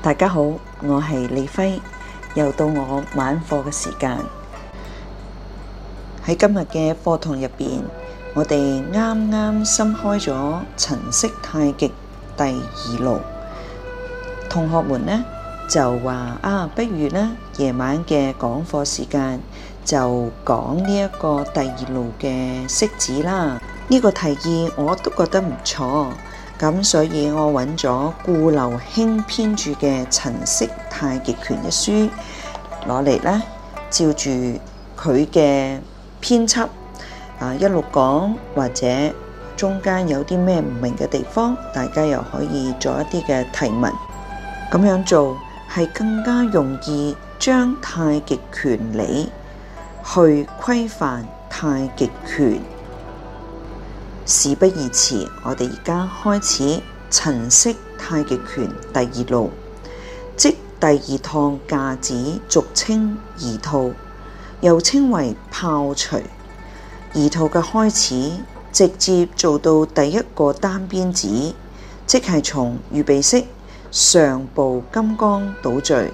大家好，我係李輝，又到我晚課嘅時間。喺今日嘅課堂入邊，我哋啱啱新開咗陳式太極第二路，同學們呢就話啊，不如呢夜晚嘅講課時間就講呢一個第二路嘅式子啦。呢、這個提議我都覺得唔錯。咁所以，我揾咗顧留馨編著嘅《陳式太極拳》一書，攞嚟呢照住佢嘅編輯啊一路講，或者中間有啲咩唔明嘅地方，大家又可以做一啲嘅提問。咁樣做係更加容易將太極拳理去規範太極拳。事不宜遲，我哋而家開始陳式太極拳第二路，即第二趟架子，俗稱二套，又稱為炮捶。二套嘅開始直接做到第一個單邊子，即係從預備式上、上步金剛倒墜、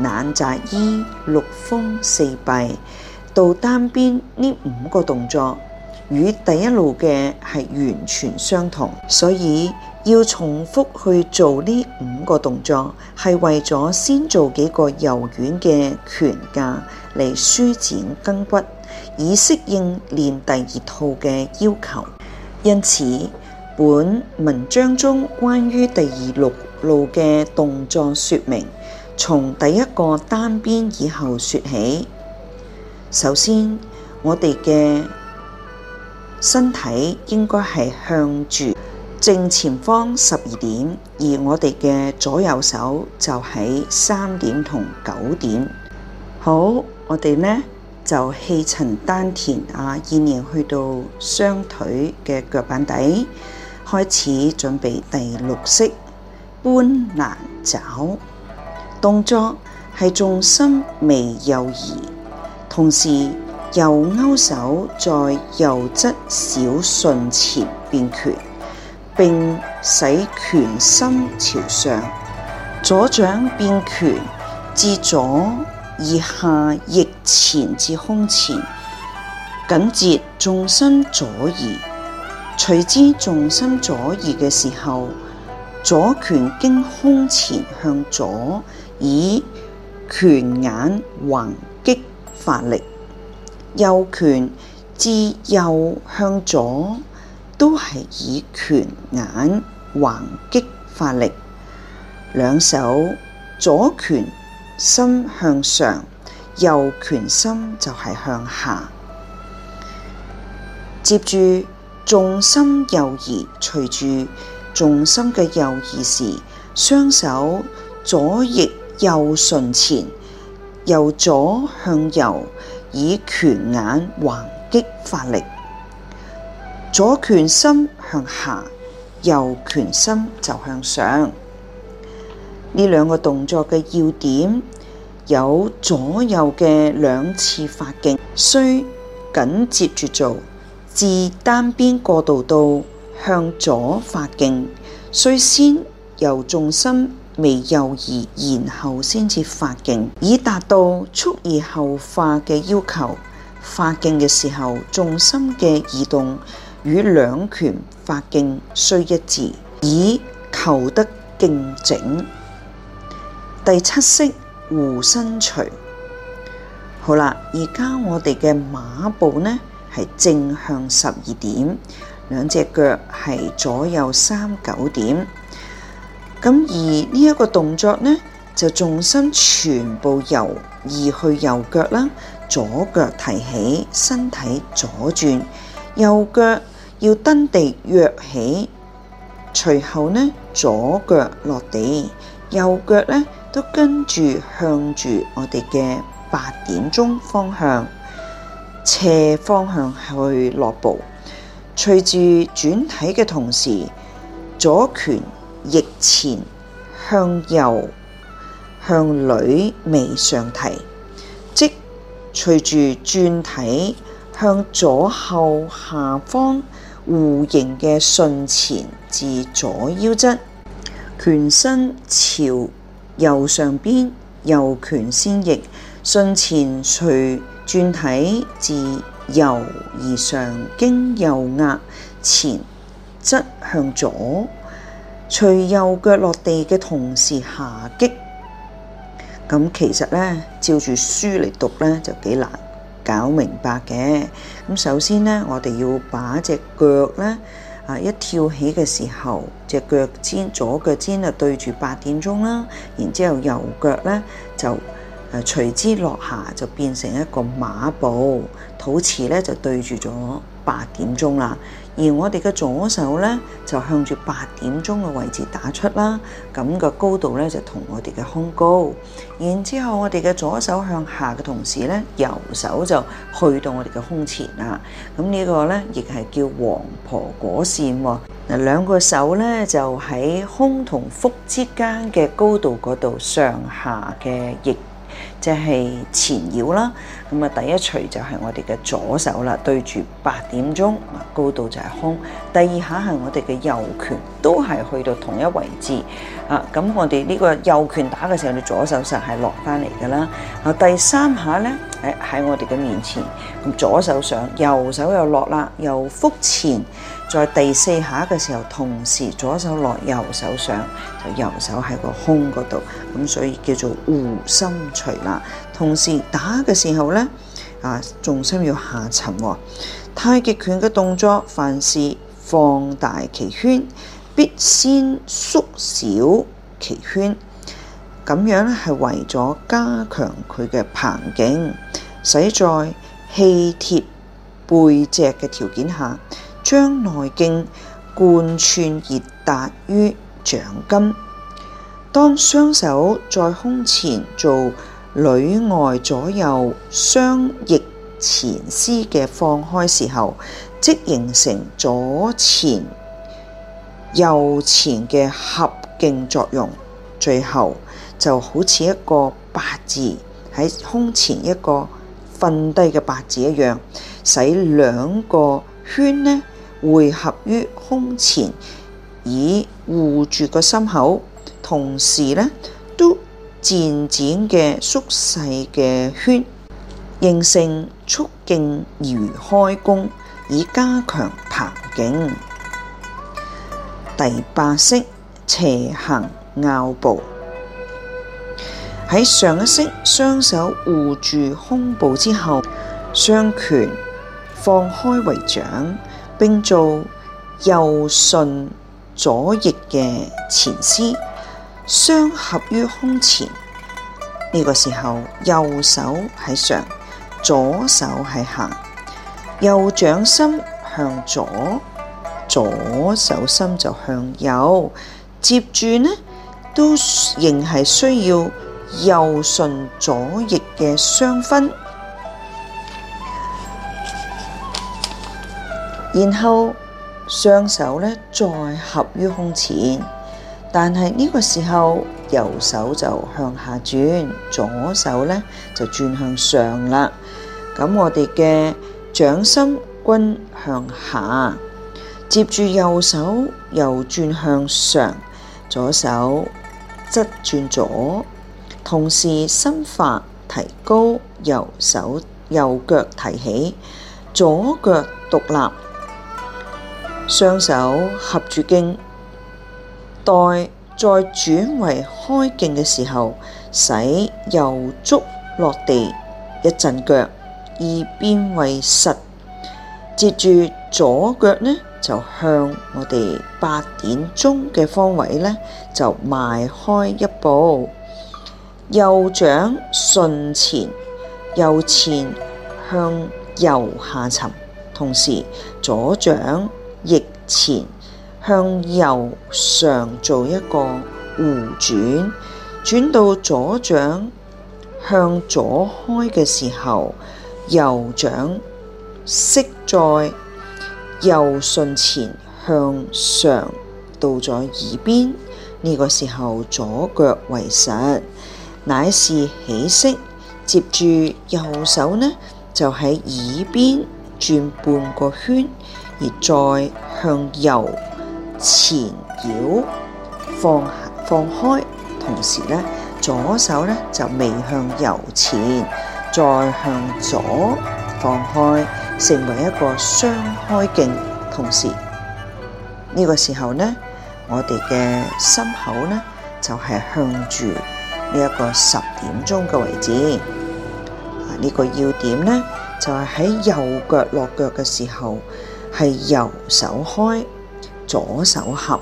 懶扎衣、六風四閉到單邊呢五個動作。與第一路嘅係完全相同，所以要重複去做呢五個動作，係為咗先做幾個柔軟嘅拳架嚟舒展筋骨，以適應練第二套嘅要求。因此，本文章中關於第二六路嘅動作説明，從第一個單邊以後説起。首先，我哋嘅身體應該係向住正前方十二點，而我哋嘅左右手就喺三點同九點。好，我哋呢就氣沉丹田啊，依然去到雙腿嘅腳板底，開始準備第六式搬攔肘動作，係重心微右移，同時，右勾手在右側小順前變拳，並使拳心朝上；左掌變拳至左腋下，逆前至胸前，緊接重心左移。隨之重心左移嘅時候，左拳經胸前向左，以拳眼橫擊發力。右拳自右向左，都係以拳眼橫擊發力。兩手左拳心向上，右拳心就係向下。接住重心右移，隨住重心嘅右移時，雙手左逆右順前。由左向右，以拳眼橫擊發力；左拳心向下，右拳心就向上。呢兩個動作嘅要點，有左右嘅兩次發勁，需緊接住做。自單邊過渡到向左發勁，需先由重心。未右移，然後先至發勁，以達到速而後化嘅要求。發勁嘅時候，重心嘅移動與兩拳發勁需一致，以求得勁整。第七式護身捶。好啦，而家我哋嘅馬步呢，係正向十二點，兩隻腳係左右三九點。咁而呢一個動作呢，就重心全部由移去右腳啦，左腳提起，身體左轉，右腳要蹬地躍起，隨後呢左腳落地，右腳呢都跟住向住我哋嘅八點鐘方向斜方向去落步，隨住轉體嘅同時，左拳。逆前向右向裏微上提，即隨住轉體向左後下方弧形嘅順前至左腰側，拳身朝右上邊，右拳先逆順前隨轉體自右而上經右額前側向左。隨右腳落地嘅同時下擊，咁其實咧照住書嚟讀咧就幾難搞明白嘅。咁首先咧，我哋要把隻腳咧啊一跳起嘅時候，隻腳尖左腳尖就對住八點鐘啦，然之後右腳咧就誒隨之落下，就變成一個馬步，肚臍咧就對住咗八點鐘啦。而我哋嘅左手呢，就向住八點鐘嘅位置打出啦，咁個高度呢，就同我哋嘅胸高。然之後我哋嘅左手向下嘅同時呢，右手就去到我哋嘅胸前喇。咁、這、呢個呢，亦係叫黃婆果線喎。嗱，兩個手呢，就喺胸同腹之間嘅高度嗰度上下嘅，亦，即係纏繞啦。咁啊，第一錘就係我哋嘅左手啦，對住八點鐘，啊高度就係胸。第二下係我哋嘅右拳，都係去到同一位置。啊，咁我哋呢個右拳打嘅時候，你左手實係落翻嚟噶啦。啊，第三下呢，誒、哎、喺我哋嘅面前，咁左手上，右手又落啦，右腹前。在第四下嘅時候，同時左手落，右手上，就右手喺個胸嗰度，咁所以叫做護心錘啦。同時打嘅時候呢，啊重心要下沉哦。太極拳嘅動作，凡是放大其圈，必先縮小其圈，咁樣咧係為咗加強佢嘅膨勁，使在氣貼背脊嘅條件下，將內勁貫穿而達於掌根。當雙手在胸前做，裏外左右雙翼前絲嘅放開時候，即形成左前、右前嘅合勁作用，最後就好似一個八字喺胸前，一個瞓低嘅八字一樣，使兩個圈呢匯合於胸前，以護住個心口，同時呢。漸漸嘅縮細嘅圈，形成促勁而開弓，以加強彈勁。第八式斜行拗步，喺上一式雙手護住胸部之後，雙拳放開為掌，並做右順左逆嘅前撕。相合於胸前，呢、這個時候右手喺上，左手喺下，右掌心向左，左手心就向右。接住呢，都仍係需要右順左逆嘅相分，然後雙手呢再合於胸前。但係呢個時候，右手就向下轉，左手呢就轉向上啦。咁我哋嘅掌心均向下，接住右手右轉向上，左手側轉左，同時心法提高，右手右腳提起，左腳獨立，雙手合住肩。待再轉為開勁嘅時候，使右足落地一陣腳，二變為實。接住左腳呢，就向我哋八點鐘嘅方位呢，就邁開一步，右掌順前，右前向右下沉，同時左掌逆前。向右上做一個弧轉，轉到左掌向左開嘅時候，右掌息在右順前向上到咗耳邊呢、呢個時候，左腳為實，乃是起色。接住右手呢，就喺耳邊轉半個圈，而再向右。前腳放下放開，同時咧左手咧就微向右前，再向左放開，成為一個雙開勁。同時呢個時候咧，我哋嘅心口咧就係向住呢一個十點鐘嘅位置。呢個要點咧就係喺右腳落腳嘅時候，係右手開。左手合，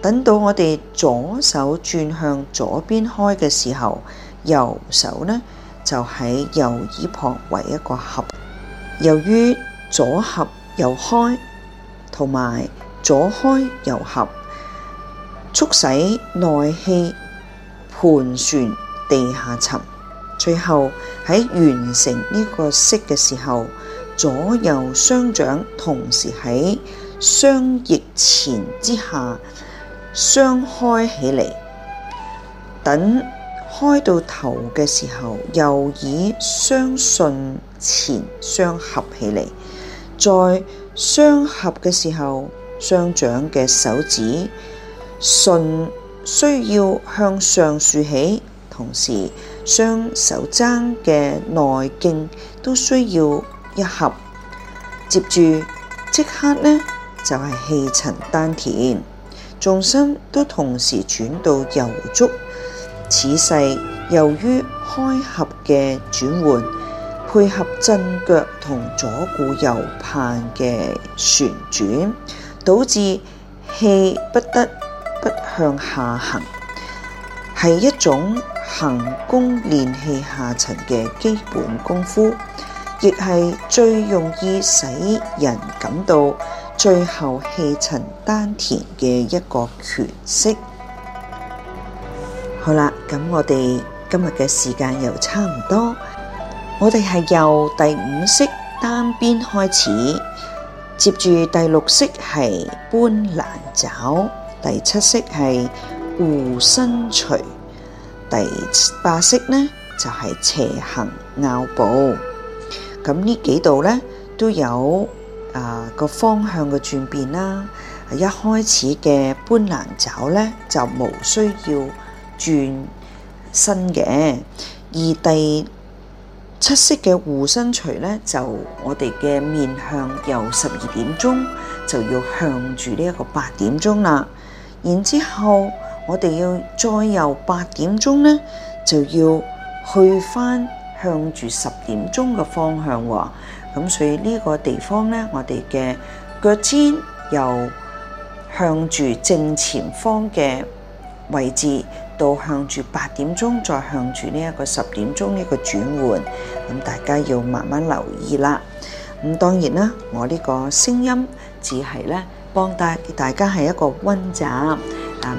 等到我哋左手轉向左邊開嘅時候，右手呢就喺右耳旁為一個合。由於左合右開，同埋左開右合，促使內氣盤旋地下沉。最後喺完成呢個式嘅時候，左右雙掌同時喺。雙翼前之下，雙開起嚟，等開到頭嘅時候，又以雙順前雙合起嚟。再雙合嘅時候，雙掌嘅手指順需要向上豎起，同時雙手踭嘅內徑都需要一合。接住即刻呢，就係氣沉丹田，重心都同時轉到右足。此勢由於開合嘅轉換，配合震腳同左顧右盼嘅旋轉，導致氣不得不向下行，係一種行功練氣下沉嘅基本功夫，亦係最容易使人感到。最後氣沉丹田嘅一個拳式。好啦，咁我哋今日嘅時間又差唔多，我哋係由第五式單邊開始，接住第六式係搬攔爪，第七式係護身錘，第八式呢就係斜行拗步。咁呢幾度呢都有。啊，個方向嘅轉變啦，一開始嘅搬蘭爪咧就冇需要轉身嘅，而第七式嘅護身錘咧就我哋嘅面向由十二點鐘就要向住呢一個八點鐘啦，然之後我哋要再由八點鐘咧就要去翻向住十點鐘嘅方向。咁所以呢個地方呢，我哋嘅腳尖由向住正前方嘅位置，到向住八點鐘，再向住呢一個十點鐘一個轉換。咁大家要慢慢留意啦。咁當然啦，我呢個聲音只係呢幫大大家係一個溫習，啊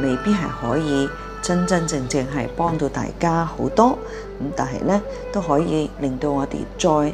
未必係可以真真正正係幫到大家好多。咁但係呢都可以令到我哋再